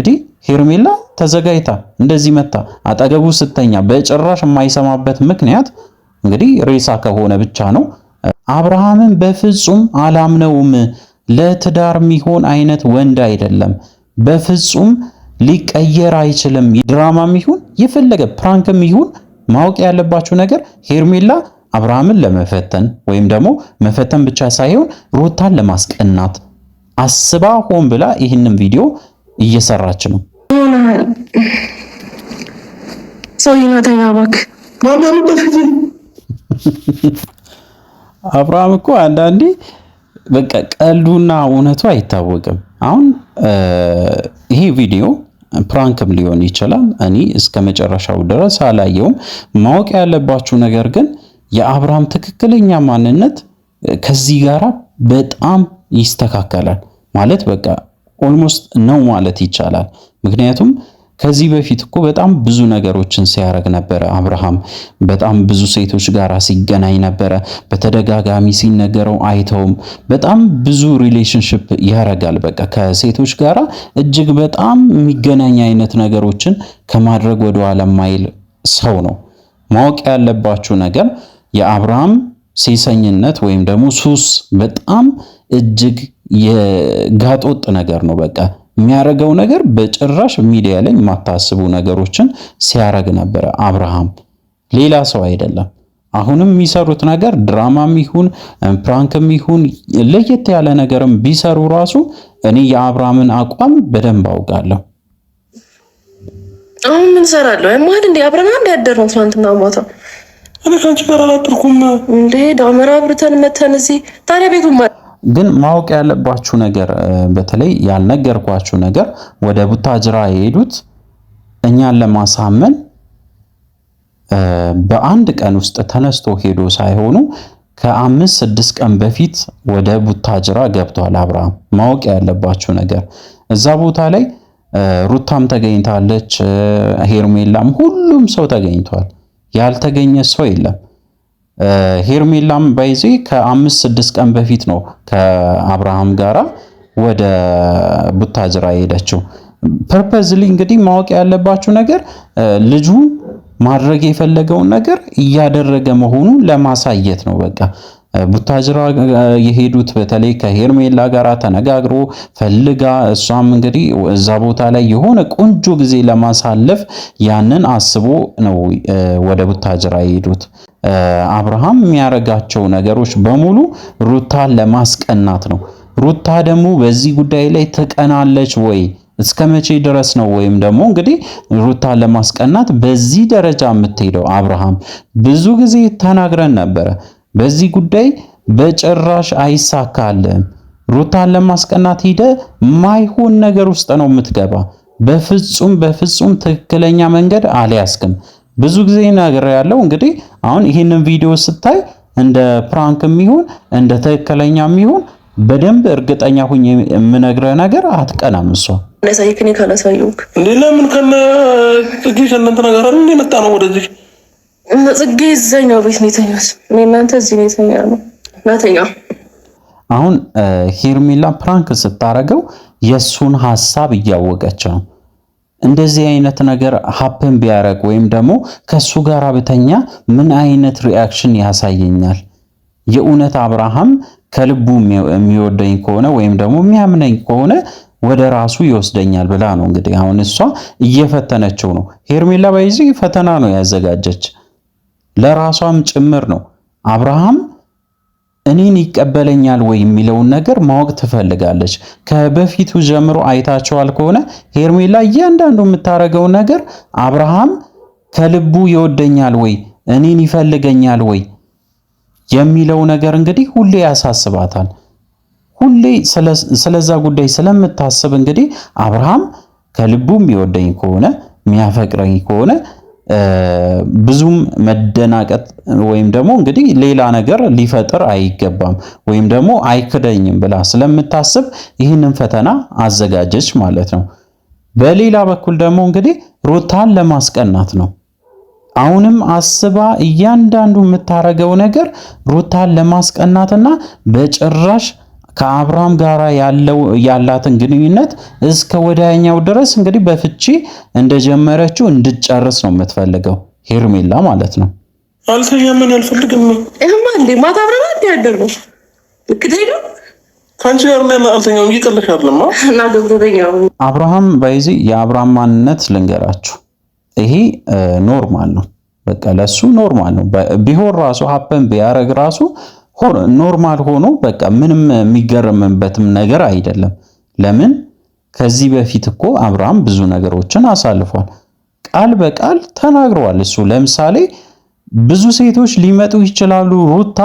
እንግዲህ ሄርሜላ ተዘጋጅታ እንደዚህ መታ አጠገቡ ስተኛ በጭራሽ የማይሰማበት ምክንያት እንግዲህ ሬሳ ከሆነ ብቻ ነው። አብርሃምን በፍጹም አላምነውም፣ ለትዳር የሚሆን አይነት ወንድ አይደለም፣ በፍጹም ሊቀየር አይችልም። ድራማም ይሁን የፈለገ ፕራንክም ይሁን ማወቅ ያለባችሁ ነገር ሄርሜላ አብርሃምን ለመፈተን ወይም ደግሞ መፈተን ብቻ ሳይሆን ሩታን ለማስቀናት አስባ ሆን ብላ ይህንን ቪዲዮ እየሰራች ነው። አብርሃም እኮ አንዳንዴ በቃ ቀልዱና እውነቱ አይታወቅም። አሁን ይሄ ቪዲዮ ፕራንክም ሊሆን ይችላል። እኔ እስከ መጨረሻው ድረስ አላየውም። ማወቅ ያለባችሁ ነገር ግን የአብርሃም ትክክለኛ ማንነት ከዚህ ጋራ በጣም ይስተካከላል ማለት በቃ ኦልሞስት ነው ማለት ይቻላል። ምክንያቱም ከዚህ በፊት እኮ በጣም ብዙ ነገሮችን ሲያደርግ ነበረ። አብርሃም በጣም ብዙ ሴቶች ጋር ሲገናኝ ነበረ። በተደጋጋሚ ሲነገረው አይተውም። በጣም ብዙ ሪሌሽንሽፕ ያረጋል። በቃ ከሴቶች ጋራ እጅግ በጣም የሚገናኝ አይነት ነገሮችን ከማድረግ ወደ ኋላ ሰው ነው። ማወቅ ያለባችሁ ነገር የአብርሃም ሴሰኝነት ወይም ደግሞ ሱስ በጣም እጅግ የጋጦጥ ነገር ነው። በቃ የሚያረገው ነገር በጭራሽ ሚዲያ ላይ የማታስቡ ነገሮችን ሲያረግ ነበረ አብርሃም፣ ሌላ ሰው አይደለም። አሁንም የሚሰሩት ነገር ድራማም ይሁን ፕራንክም ይሁን ለየት ያለ ነገርም ቢሰሩ ራሱ እኔ የአብርሃምን አቋም በደንብ አውቃለሁ። አሁን ምን ሰራለሁ? ማን እንዴ አብረና እንደ ያደር ነው ትናንትና ማታ እኔ ከአንቺ ጋር አላደርኩም እንዴ? ዳመራ አብርተን መተን እዚህ ታዲያ ቤቱ ግን ማወቅ ያለባችሁ ነገር በተለይ ያልነገርኳችሁ ነገር ወደ ቡታጅራ የሄዱት እኛን ለማሳመን በአንድ ቀን ውስጥ ተነስቶ ሄዶ ሳይሆኑ ከአምስት ስድስት ቀን በፊት ወደ ቡታጅራ ገብቷል አብርሃም። ማወቅ ያለባችሁ ነገር እዛ ቦታ ላይ ሩታም ተገኝታለች፣ ሄርሜላም፣ ሁሉም ሰው ተገኝቷል። ያልተገኘ ሰው የለም። ሄርሜላም ባይዜ ከአምስት ስድስት ቀን በፊት ነው ከአብርሃም ጋራ ወደ ቡታጅራ የሄደችው። ፐርፐዝሊ እንግዲህ ማወቅ ያለባችሁ ነገር ልጁ ማድረግ የፈለገውን ነገር እያደረገ መሆኑን ለማሳየት ነው በቃ ቡታጅራ የሄዱት በተለይ ከሄርሜላ ጋር ተነጋግሮ ፈልጋ እሷም እንግዲህ እዛ ቦታ ላይ የሆነ ቆንጆ ጊዜ ለማሳለፍ ያንን አስቦ ነው ወደ ቡታጅራ የሄዱት። አብርሃም የሚያደርጋቸው ነገሮች በሙሉ ሩታን ለማስቀናት ነው። ሩታ ደግሞ በዚህ ጉዳይ ላይ ትቀናለች ወይ? እስከ መቼ ድረስ ነው? ወይም ደግሞ እንግዲህ ሩታ ለማስቀናት በዚህ ደረጃ የምትሄደው? አብርሃም ብዙ ጊዜ ተናግረን ነበረ በዚህ ጉዳይ በጭራሽ አይሳካልም። ሩታን ለማስቀናት ሄደ ማይሆን ነገር ውስጥ ነው የምትገባ። በፍጹም በፍጹም ትክክለኛ መንገድ አልያዝክም። ብዙ ጊዜ ነገር ያለው እንግዲህ አሁን ይህንን ቪዲዮ ስታይ እንደ ፕራንክ የሚሆን እንደ ትክክለኛ የሚሆን በደንብ እርግጠኛ ሁኝ የምነግረህ ነገር አትቀናም። እሷ ለሳይክኒ ካላሳየውክ እንዴ ለምን ከነ ጥጊሽ እናንተ ነገር እንዴ መጣ ነው ወደዚህ ጽጌ እዛኛው ቤት ነው እናንተ እዚህ ነው ነው ናተኛ። አሁን ሄርሜላ ፕራንክ ስታረገው የእሱን ሀሳብ እያወቀች ነው። እንደዚህ አይነት ነገር ሀፕን ቢያረግ ወይም ደግሞ ከሱ ጋር ብተኛ ምን አይነት ሪያክሽን ያሳየኛል? የእውነት አብርሃም ከልቡ የሚወደኝ ከሆነ ወይም ደግሞ የሚያምነኝ ከሆነ ወደ ራሱ ይወስደኛል ብላ ነው እንግዲህ አሁን እሷ እየፈተነችው ነው። ሄርሜላ ባይዚ ፈተና ነው ያዘጋጀች ለራሷም ጭምር ነው። አብርሃም እኔን ይቀበለኛል ወይ የሚለውን ነገር ማወቅ ትፈልጋለች። ከበፊቱ ጀምሮ አይታቸዋል ከሆነ ሄርሜላ እያንዳንዱ የምታደርገው ነገር አብርሃም ከልቡ ይወደኛል ወይ እኔን ይፈልገኛል ወይ የሚለው ነገር እንግዲህ ሁሌ ያሳስባታል። ሁሌ ስለዛ ጉዳይ ስለምታስብ እንግዲህ አብርሃም ከልቡ የሚወደኝ ከሆነ የሚያፈቅረኝ ከሆነ ብዙም መደናቀጥ ወይም ደግሞ እንግዲህ ሌላ ነገር ሊፈጥር አይገባም ወይም ደግሞ አይክደኝም ብላ ስለምታስብ ይህንን ፈተና አዘጋጀች ማለት ነው። በሌላ በኩል ደግሞ እንግዲህ ሩታን ለማስቀናት ነው። አሁንም አስባ እያንዳንዱ የምታረገው ነገር ሩታን ለማስቀናትና በጭራሽ ከአብርሃም ጋር ያለው ያላትን ግንኙነት እስከ ወዲያኛው ድረስ እንግዲህ በፍቺ እንደጀመረችው እንድጨርስ ነው የምትፈልገው ሄርሜላ ማለት ነው። አልተኛም፣ እኔ አልፈልግም። እህማ እንዴ ማታ አብረን እንዴ ያደርነው ከደሉ ከአንቺ ጋር ምን አልተኛም። እየቀለሽ አይደለም እና ገብቶኛው። አብርሃም ባይዚ የአብርሃም ማንነት ልንገራችሁ፣ ይሄ ኖርማል ነው። በቃ ለሱ ኖርማል ነው። ቢሆን ራሱ ሀፐን ቢያረግ ራሱ ኖርማል ሆኖ በቃ ምንም የሚገርምበትም ነገር አይደለም። ለምን ከዚህ በፊት እኮ አብርሃም ብዙ ነገሮችን አሳልፏል። ቃል በቃል ተናግረዋል። እሱ ለምሳሌ ብዙ ሴቶች ሊመጡ ይችላሉ። ሩታ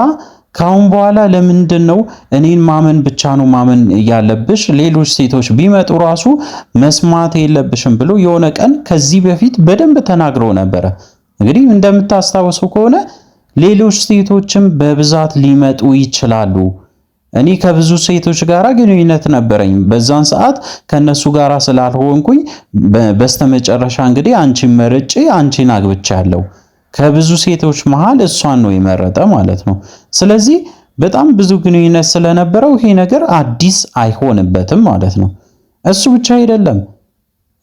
ካሁን በኋላ ለምንድን ነው እኔን ማመን ብቻ ነው ማመን ያለብሽ? ሌሎች ሴቶች ቢመጡ ራሱ መስማት የለብሽም ብሎ የሆነ ቀን ከዚህ በፊት በደንብ ተናግሮ ነበረ። እንግዲህ እንደምታስታውሱ ከሆነ ሌሎች ሴቶችም በብዛት ሊመጡ ይችላሉ። እኔ ከብዙ ሴቶች ጋር ግንኙነት ነበረኝ። በዛን ሰዓት ከነሱ ጋር ስላልሆንኩኝ በስተመጨረሻ እንግዲህ አንቺን መርጬ አንቺን አግብቻለሁ። ከብዙ ሴቶች መሃል እሷን ነው የመረጠ ማለት ነው። ስለዚህ በጣም ብዙ ግንኙነት ስለነበረው ይሄ ነገር አዲስ አይሆንበትም ማለት ነው። እሱ ብቻ አይደለም።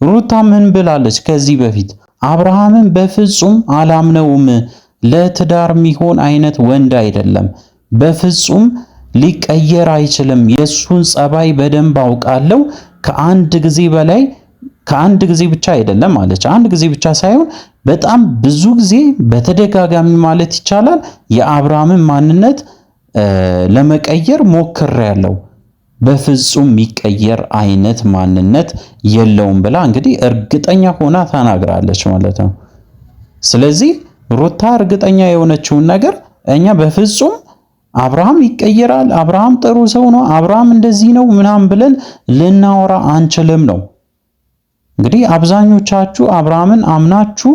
ሩታ ምን ብላለች ከዚህ በፊት አብርሃምን በፍጹም አላምነውም ለትዳር የሚሆን አይነት ወንድ አይደለም። በፍጹም ሊቀየር አይችልም። የሱን ጸባይ በደንብ አውቃለሁ። ከአንድ ጊዜ በላይ ከአንድ ጊዜ ብቻ አይደለም ማለች አንድ ጊዜ ብቻ ሳይሆን በጣም ብዙ ጊዜ በተደጋጋሚ ማለት ይቻላል የአብርሃምን ማንነት ለመቀየር ሞክሬያለሁ። በፍጹም የሚቀየር አይነት ማንነት የለውም ብላ እንግዲህ እርግጠኛ ሆና ተናግራለች ማለት ነው። ስለዚህ ሩታ እርግጠኛ የሆነችውን ነገር እኛ በፍጹም አብርሃም ይቀየራል፣ አብርሃም ጥሩ ሰው ነው፣ አብርሃም እንደዚህ ነው ምናምን ብለን ልናወራ አንችልም ነው። እንግዲህ አብዛኞቻችሁ አብርሃምን አምናችሁ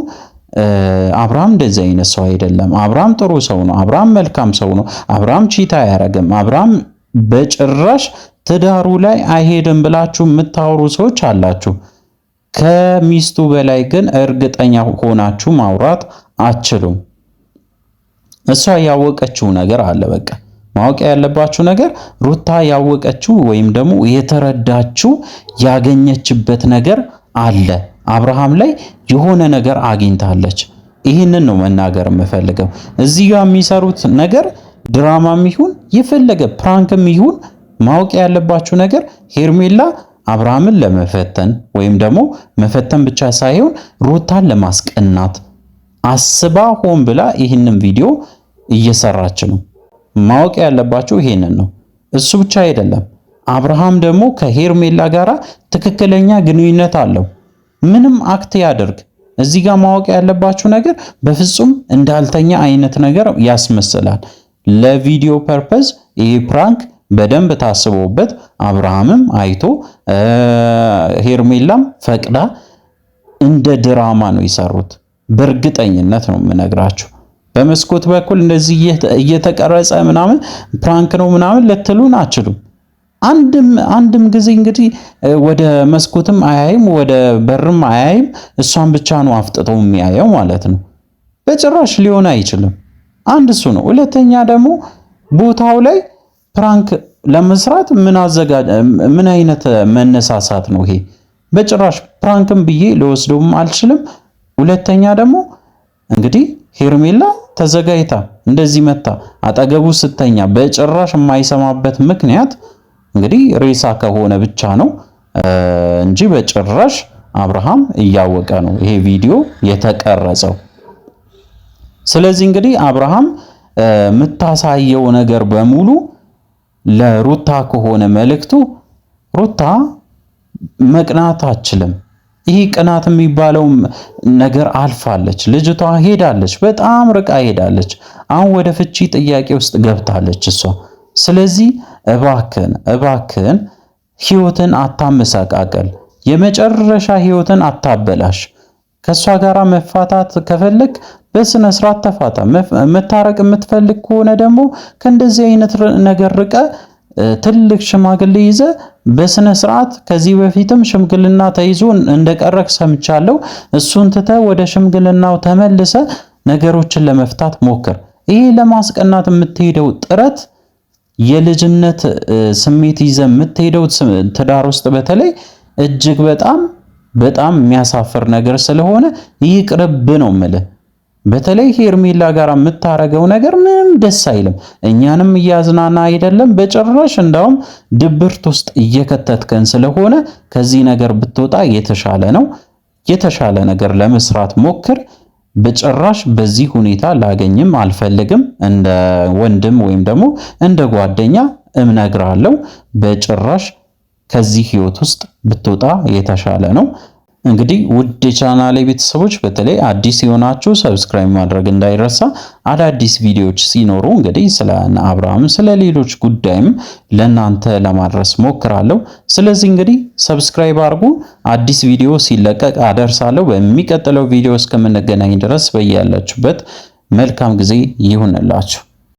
አብርሃም እንደዚህ አይነት ሰው አይደለም፣ አብርሃም ጥሩ ሰው ነው፣ አብርሃም መልካም ሰው ነው፣ አብርሃም ቺታ አያረግም፣ አብርሃም በጭራሽ ትዳሩ ላይ አይሄድም ብላችሁ የምታወሩ ሰዎች አላችሁ። ከሚስቱ በላይ ግን እርግጠኛ ሆናችሁ ማውራት አትችሉም። እሷ ያወቀችው ነገር አለ። በቃ ማወቅ ያለባችሁ ነገር ሩታ ያወቀችው ወይም ደግሞ የተረዳችው ያገኘችበት ነገር አለ። አብርሃም ላይ የሆነ ነገር አግኝታለች። ይህንን ነው መናገር የምፈልገው። እዚህ የሚሰሩት ነገር ድራማም ይሁን የፈለገ ፕራንክም ይሁን ማወቅ ያለባችሁ ነገር ሄርሜላ አብርሃምን ለመፈተን ወይም ደግሞ መፈተን ብቻ ሳይሆን ሩታን ለማስቀናት አስባ ሆን ብላ ይህንን ቪዲዮ እየሰራች ነው። ማወቅ ያለባቸው ይሄንን ነው። እሱ ብቻ አይደለም። አብርሃም ደግሞ ከሄርሜላ ጋር ትክክለኛ ግንኙነት አለው። ምንም አክት ያደርግ እዚህ ጋር ማወቅ ያለባችሁ ነገር በፍጹም እንዳልተኛ አይነት ነገር ያስመስላል። ለቪዲዮ ፐርፐዝ ይሄ ፕራንክ በደንብ ታስቦበት አብርሃምም አይቶ ሄርሜላም ፈቅዳ እንደ ድራማ ነው የሰሩት። በእርግጠኝነት ነው የምነግራችሁ። በመስኮት በኩል እንደዚህ እየተቀረጸ ምናምን ፕራንክ ነው ምናምን ልትሉን አችሉም። አንድም አንድም ጊዜ እንግዲህ ወደ መስኮትም አያይም፣ ወደ በርም አያይም። እሷን ብቻ ነው አፍጥጠው የሚያየው ማለት ነው። በጭራሽ ሊሆን አይችልም። አንድ እሱ ነው። ሁለተኛ ደግሞ ቦታው ላይ ፕራንክ ለመስራት ምን አዘጋጅ ምን አይነት መነሳሳት ነው ይሄ? በጭራሽ ፕራንክም ብዬ ልወስደውም አልችልም። ሁለተኛ ደግሞ እንግዲህ ሄርሜላ ተዘጋጅታ እንደዚህ መታ አጠገቡ ስተኛ በጭራሽ የማይሰማበት ምክንያት እንግዲህ ሬሳ ከሆነ ብቻ ነው እንጂ በጭራሽ አብርሃም እያወቀ ነው ይሄ ቪዲዮ የተቀረጸው። ስለዚህ እንግዲህ አብርሃም የምታሳየው ነገር በሙሉ ለሩታ ከሆነ መልእክቱ ሩታ መቅናት አችልም። ይህ ቅናት የሚባለውም ነገር አልፋለች። ልጅቷ ሄዳለች፣ በጣም ርቃ ሄዳለች። አሁን ወደ ፍቺ ጥያቄ ውስጥ ገብታለች እሷ። ስለዚህ እባክን እባክን ህይወትን አታመሰቃቀል፣ የመጨረሻ ህይወትን አታበላሽ። ከእሷ ጋር መፋታት ከፈለግ በስነ ስርዓት ተፋታ። መታረቅ የምትፈልግ ከሆነ ደግሞ ከእንደዚህ አይነት ነገር ርቀ ትልቅ ሽማግሌ ይዘ በስነ ስርዓት ከዚህ በፊትም ሽምግልና ተይዞ እንደቀረክ ሰምቻለሁ። እሱን ትተ ወደ ሽምግልናው ተመልሰ ነገሮችን ለመፍታት ሞክር። ይሄ ለማስቀናት የምትሄደው ጥረት የልጅነት ስሜት ይዘ የምትሄደው ትዳር ውስጥ በተለይ እጅግ በጣም በጣም የሚያሳፍር ነገር ስለሆነ ይቅርብ ነው የምልህ። በተለይ ሄርሜላ ጋር የምታረገው ነገር ምንም ደስ አይልም። እኛንም እያዝናና አይደለም በጭራሽ። እንዳውም ድብርት ውስጥ እየከተትከን ስለሆነ ከዚህ ነገር ብትወጣ የተሻለ ነው። የተሻለ ነገር ለመስራት ሞክር። በጭራሽ በዚህ ሁኔታ ላገኝም አልፈልግም። እንደ ወንድም ወይም ደግሞ እንደ ጓደኛ እምነግራለሁ። በጭራሽ ከዚህ ህይወት ውስጥ ብትወጣ የተሻለ ነው። እንግዲህ ውድ የቻናሌ ቤተሰቦች በተለይ አዲስ የሆናችሁ ሰብስክራይብ ማድረግ እንዳይረሳ። አዳዲስ ቪዲዮዎች ሲኖሩ እንግዲህ ስለ አብርሃም ስለ ሌሎች ጉዳይም ለናንተ ለማድረስ ሞክራለሁ። ስለዚህ እንግዲህ ሰብስክራይብ አድርጉ። አዲስ ቪዲዮ ሲለቀቅ አደርሳለሁ። በሚቀጥለው ቪዲዮ እስከምንገናኝ ድረስ በያላችሁበት መልካም ጊዜ ይሁንላችሁ።